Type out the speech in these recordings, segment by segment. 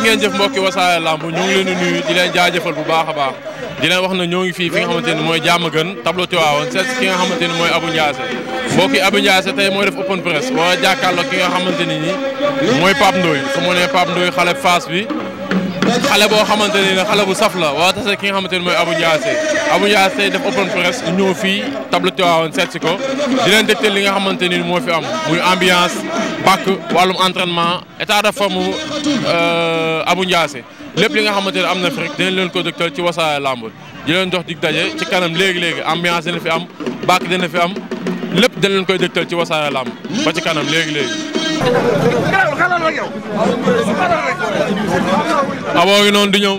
jërë ngeen jëf mbokki wasaare lamb ñu ngi leen di nuyu di leen jaajëfal bu baax a baax di leen wax na ñoo ngi fii fi nga xamante ne mooy jàmm gën tableau Tivaouane seet ki nga xamante ne mooy Abou Ndiassé mbokki Abou Ndiassé tey mooy def open press wala jàkkaarloo ki nga xamante ne ni mooy Pape Ndoye su ma nee Pape Ndoye xale Fass bi xale boo xamante ne ne xale bu saf la wala tase ki nga xamante ne mooy Abou Ndiassé Abou Ndiassé tey def open press ñëw fii tableau Tivaouane seet si ko di leen dégtal li nga xamante ni moo fi am muy ambiance pàkk wàllum entraînement état de forme euh, Abou Ndiassé lépp li nga xamante ne am na fi rek leen ko dëgtal ci Wassare Lamb di leen dox dig daje ci kanam léegi-léegi ambiance na fi am bàkk dina fi am lépp dinañ leen koy dëgtal ci Wassare Lamb ba ci kanam léegi-léegi aboo ngi noonu di ñëw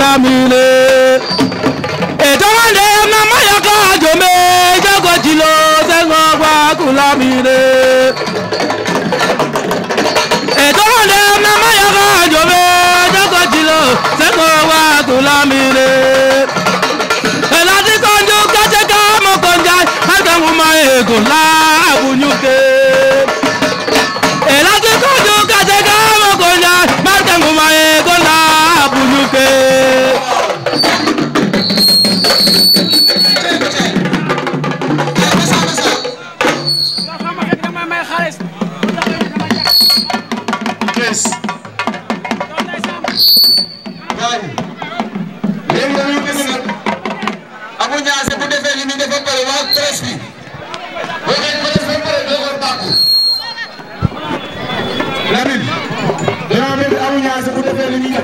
Lamine ìtọ́wọ́dé mama yọkọ̀ àjòmé ìjọkọ̀ jìlọ sẹ́gun ọgbà kù Lamine. ìtọ́wọ́dé mama yọkọ̀ àjòmé ìjọkọ̀ jìlọ sẹ́gun ọgbà kù Lamine. ìlàjì kanjú kẹ́síkà mọ̀kànjá àtẹ̀wọ̀n máa ègò láà.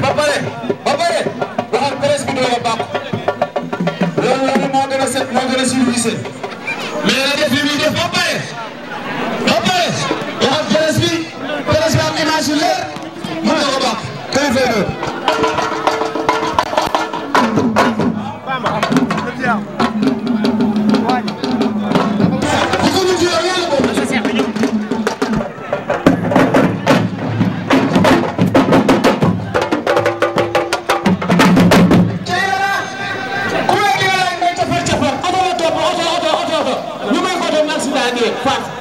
ba pare ba pare waxal presse bi doo ko bàq moo gën a civilisé mais la def li muy def ba pare ba pare waxoon presse bi presse bi am image yu leer mën na ko baax. face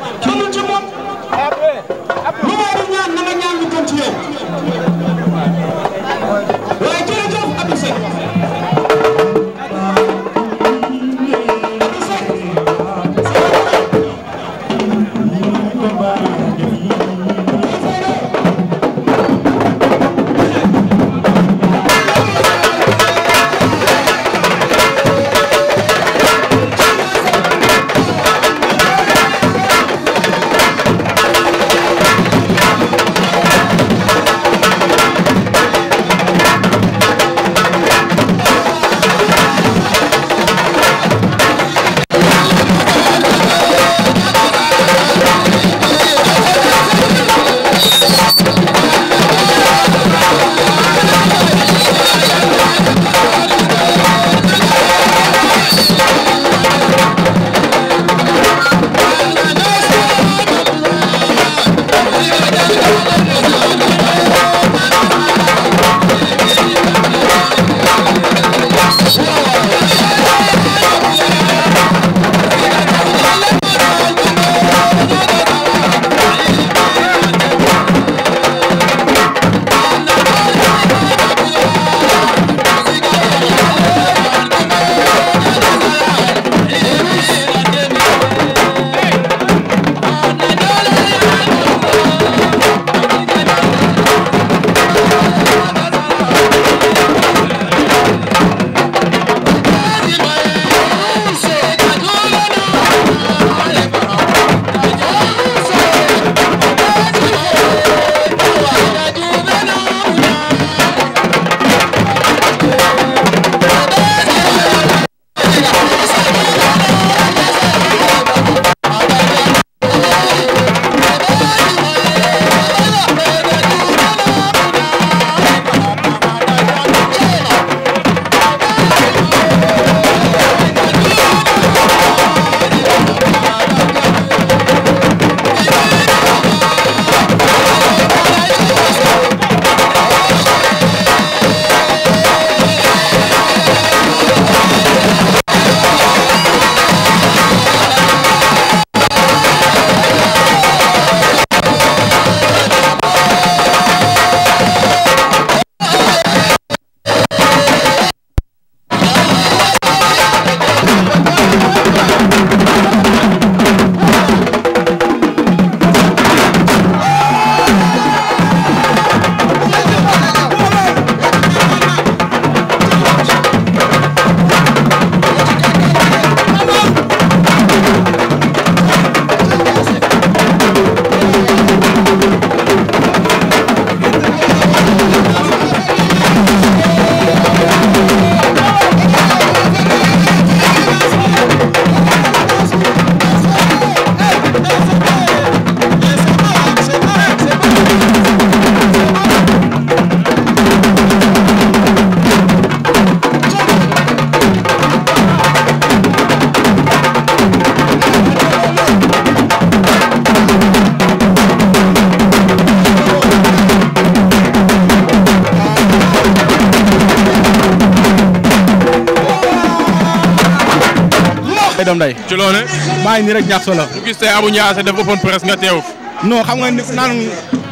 Adam Ndeye. ci loone maa ngi nii rek ñaax solo. bu gis tey Abou Ndiassé def open press nga teew. non xam nga naan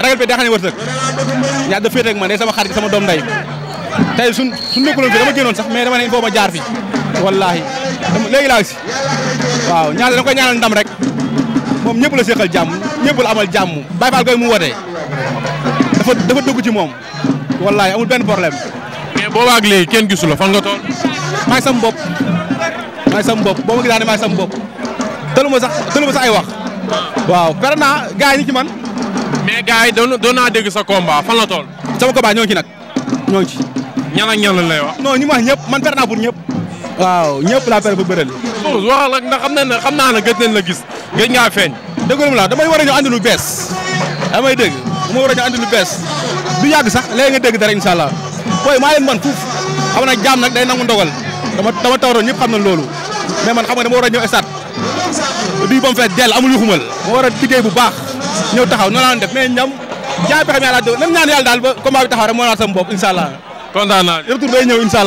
ragal bi a xam ne wërsëg ñaar daf féetee ak man day sama xarit sama doom nday tey suñ suñ nekkuloon fi dama génnoon ma jaar fi wallaahi léegi laa si waaw ñaar da koy ñaanal ndam moom ñëpp la seqal jàmm ñëpp la amal jàmm Baye Fall koy mu wootee dafa dafa moom wallaahi amul benn problème. mais léegi kenn gisu la fan nga toll. maa ngi sama maay sama bopp boo ma gisaan ne maay sama ma sax tëlu ma sax ay wax waaw pare naa gars yi ñu ci man mais gars yi doon doon naa dégg sax combat fan la toll sama combat ci nag ñoo ngi ci ñan ak ñan la lay wax non ñu wax ñëpp man pare naa pour ñëpp waaw ñëpp laa pare pour bëreel Zouz waxal ak ndax xam nañ ne naa ne gëj nañ la gis gëj ngaa feeñ déggoonum la damay war a ñu andi lu bees damay dégg damay war a ñu andi lu bees du yàgg sax léegi nga dégg dara incha allah booy maa leen man fuuf xam na jaam nag day nangu ndogal dama dama tawroon ñëpp xam na loolu mais man xam nga dama war a ñëw stade bii ba mu fees dell amul yu ma war a liggéey bu baax ñëw taxaw noonu la def mais ñam jaay pexe yàlla do nam daal ba combat bi taxaw rek moo naat sama bopp incha allah. kontaan naa retour ñëw incha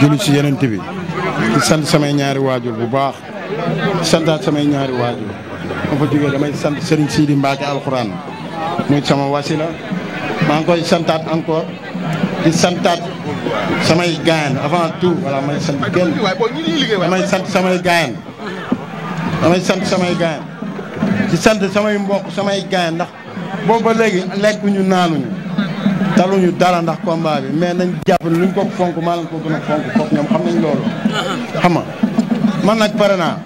julli ci yeneen bi di sant samay ñaari waajur bu baax di santaat samay ñaari waajur ma fa jógee damay sant Serigne Sidi Mbacke alxuraan muy sama wasila maa ngi koy santaat encore. di santaat samay gaayan avant tout voilà ma sant kenn damay sant samay gaayan damay sant samay gaayan di sant samay mbokk samay gaayan ndax boobu ba léegi lekkuñu naanuñu taluñu dara ndax combat bi mais nañ jàpp luñ ko fonk maa lañ ko gën a fonk ñoom xam nañ loolu xam man nag pare naa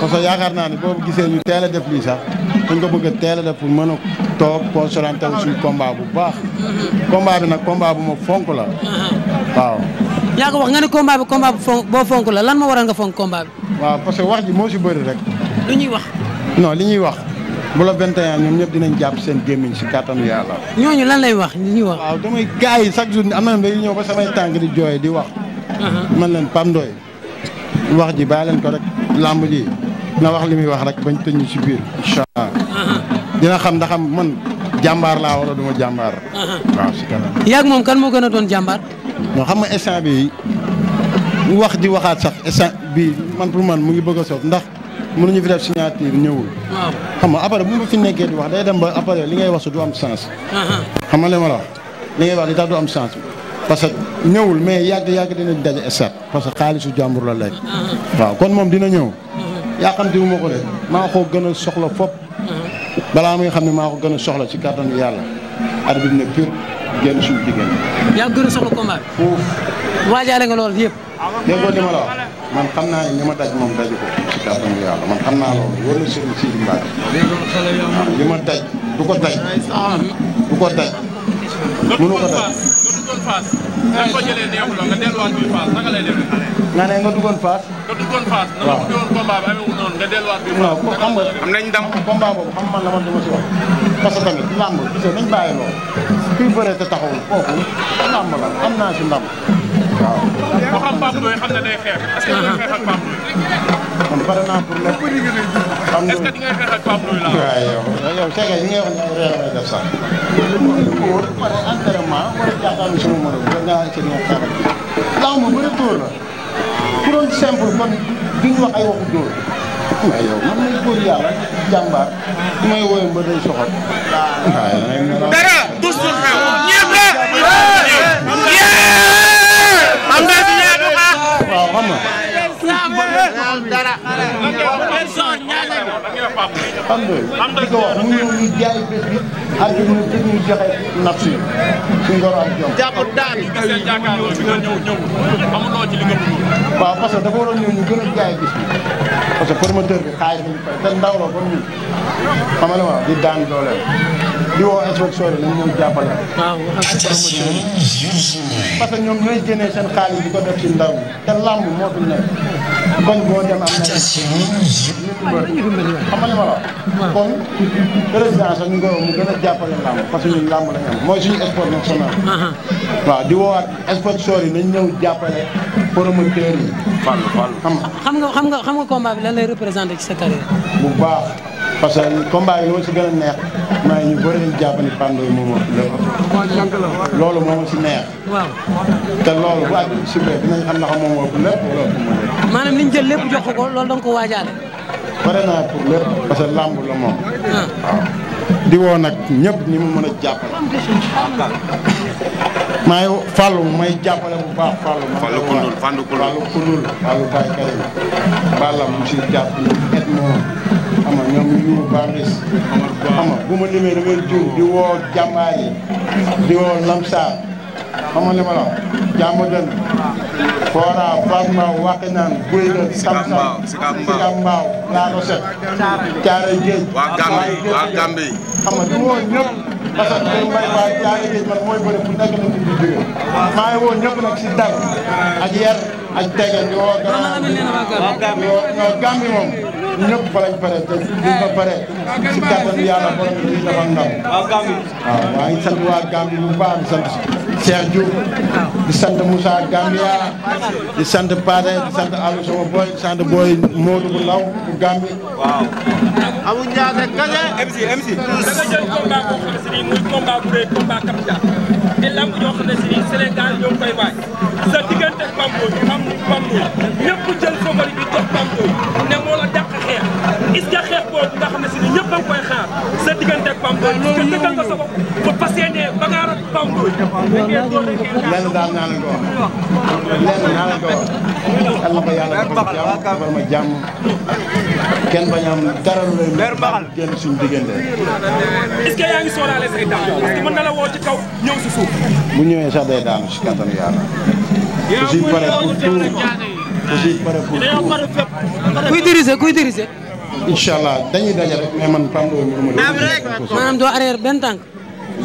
parce que yaakaar naa ne boobu gisee ñu teel a def lii sax dañ ko bëgg a teel def pour mën a toog consolante wu suñu bu baax. combat bi nag combat bu ma fonk la. waaw. yaa ko wax nga ne combat bi combat bu fonk boo fonk la lan ma waral nga fonk combat bi. waaw parce que wax ji moo si bëri rek. lu ñuy wax. non li ñuy wax. bu la 21 ñoom ñëpp dinañ jàpp seen gémmiñ si kàttanu yàlla. ñooñu lan lay wax li ñuy wax. waaw damay gars yi chaque jour am na day ñëw ba samay tànk di jooy di wax. Uh-huh. man leen Pape Ndoye wax ji bàyyi leen ko rek làmb ji na wax li muy wax rek bañ tëj si biir dina xam ndax am man jàmbaar laa wala du ma jàmbaar. Uh-huh. waaw si kanam. yaag moom kan moo gën a doon jàmbaar. moo xam nga instant bi wax di waxaat sax instant bi man pour man mu ngi bëgg a soof ndax mënuñu fi def signature ñëwul. waaw xam nga après bu fi nekkee di wax day dem ba après li ngay wax su du am sens. Uh-huh. xam nga li ma la wax li ngay wax li tax du am sens parce que ñëwul mais yàgg yàgg dinañ daje instant parce que xaalisu jàmbur la lekk. Uh-huh. waaw kon moom dina ñëw. yaa xam te wu ko de maa ko gën a soxla fop balaa muy xam ne maa ko gën a soxla ci kàttanu yàlla arbitre ne pur génn suñu jigéen ñi. yaa gën a soxla combat bi. fuuf. waajaale nga loolu yëpp. dégg nga li ma man xam naa ne li ma daj moom daju ko ci kàttanu yàlla man xam naa loolu wóor na Serigne Sidi Mbacke. waaw daj du ko daj. du ko daj. mënu ko daj. nga ne nga duggoon Fass. nga duggoon Fass. waaw na ma ubbi woon combat bi amee wu noonu nga delluwaat bi. waaw xam nga am nañ ndam combat boobu xam man la man dama ci wax. parce que tamit làmb gisee nañ bàyyi loolu. kuy bëree te taxawul kooku làmb la am naa ci ndam. waaw. ku xam Pape Ndoye xam na day xeex. est-ce que di nga xeex ak Pape Ndoye. man pare naa pour lépp. est-ce que di nga xeex ak Pape Ndoye laa. waaw yow yow Cheikh yi nga wax ne réew mi def sax. wóor pare entraînement war a jàkkaarloo suñu morom nga ci nekk xeex ak. làmb bëri tóor la. ku doon simple kon duñ wax ay waxu dóor waaw yow man may góor yàlla jàmbaar may woyoon ba day soxal. dara bés bu xew. ñëpp la. am nga si ñaar bu baax. waaw xam nga. dara. xam nga di ko wax mu ngi jaay bés bi ak ñu fekk ñu joxe nafs yi suñ ko am jom. jàpp daal bi seen jàkkaarloo bi nga ñëw ñëw amuloo ci li nga bëgg. waaw parce que dafa waroon ñëw ñu gën a jaay bés bi parce que promoteur bi xaalis bi te ndaw la comme ñun xam nga ma di daan dooleel di woo inspection yi nañ ñoom jàppale. waaw promoteur bi parce que ñoom ñooy génnee seen xaalis di ko def ci ndaw te lamb moo fi nekk koñ boo dem am na. xam nga li ma wax. kon président sax ñu ngi mu gën a jàppale làmb parce que ñun làmb la ñu am mooy suñu sport national. waaw di woowaat sponsor yi na ñëw jàppale promoteurs yi. fàll fàll xam nga xam nga xam nga combat bi lan lay représenté ci sa carrière. bu baax parce que combat yi li ma si gën a neex maa ngi ñu bëri nañu jàpp ni Pandoy moom moo fi loolu moo ma si neex. waaw te loolu bu at bi subee dinañ am na xam moom moo fi lépp loolu. maanaam li ñu jël lépp jox ko loolu da nga ko waajaale. pare naa pour lépp parce que làmb la moom ah. waaw di woo nag ñëpp ñi mu mën a jàppale maa ngi fàllu may jàppale bu baax fàllu fàllu kundul fàllu kundul fàllu Baye Karim balla mu si jàpp ni et moom xam ñoom yu baris xam nga bu ma limee damay di woo jàmbaar di woo lamsaar xam nga li ma la wax jàmm gën Fora Fass Mbao Wakhinane Guy Lëpp Samsam Sicap Mbao La Rochette Thiaroye Géej waa Gambie waa xam mbay waa Thiaroye Géej man mooy bëri fu nekk na ci di maa ngi woo ñëpp nag si ak yer ak tege di woo grand di woo Gambie moom ñëpp fa lañ pare te buñ fa pare si kàttan yàlla borom bi dafa ndam waaw waaw maa ngi sant waa Gambie sant Cheikh Diouf di sant musa Gambia di sant Pade di sant Aliou sama boy di sant booy Modou bu law bu Gambi. waaw. amul ñaata kase. MC MC. da nga jël combat boo si nii muy combat bu rëy combat capital di lamb yoo xam si nii Sénégal ñoo ngi koy sa diggante ak Pape Ndoye Pape Ndoye jël favori bi jox Pape Ndoye ne moo est-ce que xeex boobu nga xam ne si ne ñëpp a ngi koy xaar sa diggante ak Pape Ndoye parce que dëggal nga sa bopp ba fas yéenee ba ngaa rab Pape Ndoye. lenn daal naa leen ko wax lenn naa leen ko wax. yàlla ko yàlla defal jàmm defal ma jàmm kenn bañ a am dara lu leen génn suñu diggante. est-ce que yaa ngi sóoraale say daan parce que mën na la woo ci kaw ñëw si suuf. bu ñëwee sax day daanu si kattanu yàlla. yaa ngi koy woo ñu teew rek jaana yi. aussi pare pour tout aussi pare pour tout. kuy diriger kuy diriger. incha allah dañuy daje rek mais man PAM dooy mu ma. am rek maanaam doo arrière benn tànk.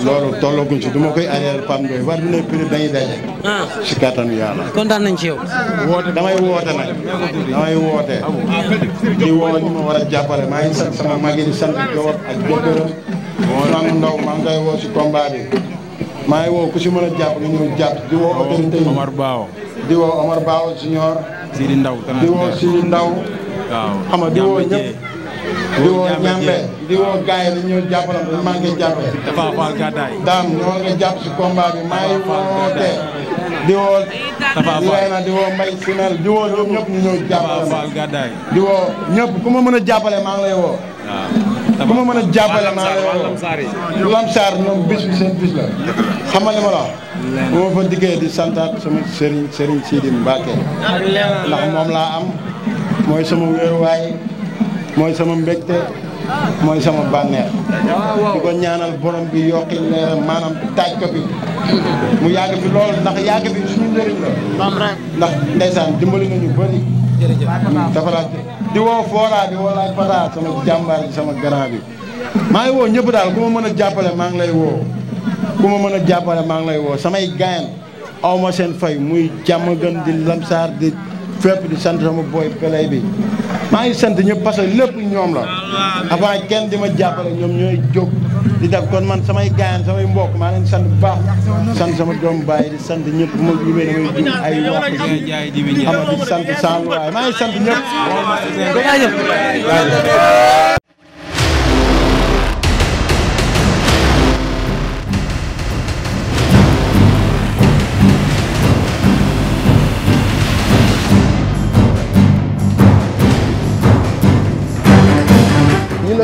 loolu tollaguñ ci du ma koy arrière PAM dooy war bi ne prix dañuy daje. si ah. kattanu yàlla. kontaan nañ ci yow. woote damay woote nag damay woote. di woo ñu ma war a jàppale maa ngi sant sama mag yi di sant Diop ak jëkkëram. Ousmane Ndaw maa ngi koy woo si combat bi. maa ngi woo ku si mën a jàpp nga ñëw jàpp di woo autorité yi Omar Bao. di woo Omar Bao Junior. Sidi Ndaw di woo Sidi Ndaw. xam nga di woo ñëpp di woo ñambe di woo gars yi dañu maa ngi jàppe daam ñoo nga jàpp si combat bi maa ngi woote di woo leena di woo mbay di woo ñoom ñëpp ñu di woo ñëpp ku ma mën a jàppale maa ma mën a jàppale maa ngi lay woo lamsaar ñoom bis seen bis la xamal li ma la fa diggee di santaat sama sëriñ sëriñ Sidi Mbacke ndax moom laa am mooy sama wéeruwaay mooy sama mbégte mooy sama bànneex di ko ñaanal borom bi yokki leeram maanaam taaj ko bi mu yàgg fi lool ndax yàgg fi suñu njëriñ la ndax ndeysaan dimbali nañu bëri dafaraat di woo Fora bi woo laaj Fara sama jàmbaar bi sama grand bi maa ngi woo ñëpp daal ku ma mën a jàppale maa ngi lay woo ku ma mën a jàppale maa ngi lay woo samay gaayan awma seen fay muy jàmm gën di lamsaar di fépp di sant sama booy pelay bi maa ngi sant ñëpp parce que lépp ñoom la avant kenn di ma jàppale ñoom ñooy jóg di def kon man samay gaayan samay mbokk maa leen sant bu baax sant sama doom bàyyi di sant ñëpp ma jubee damay jub ay wax ama di sant san waay maa ngi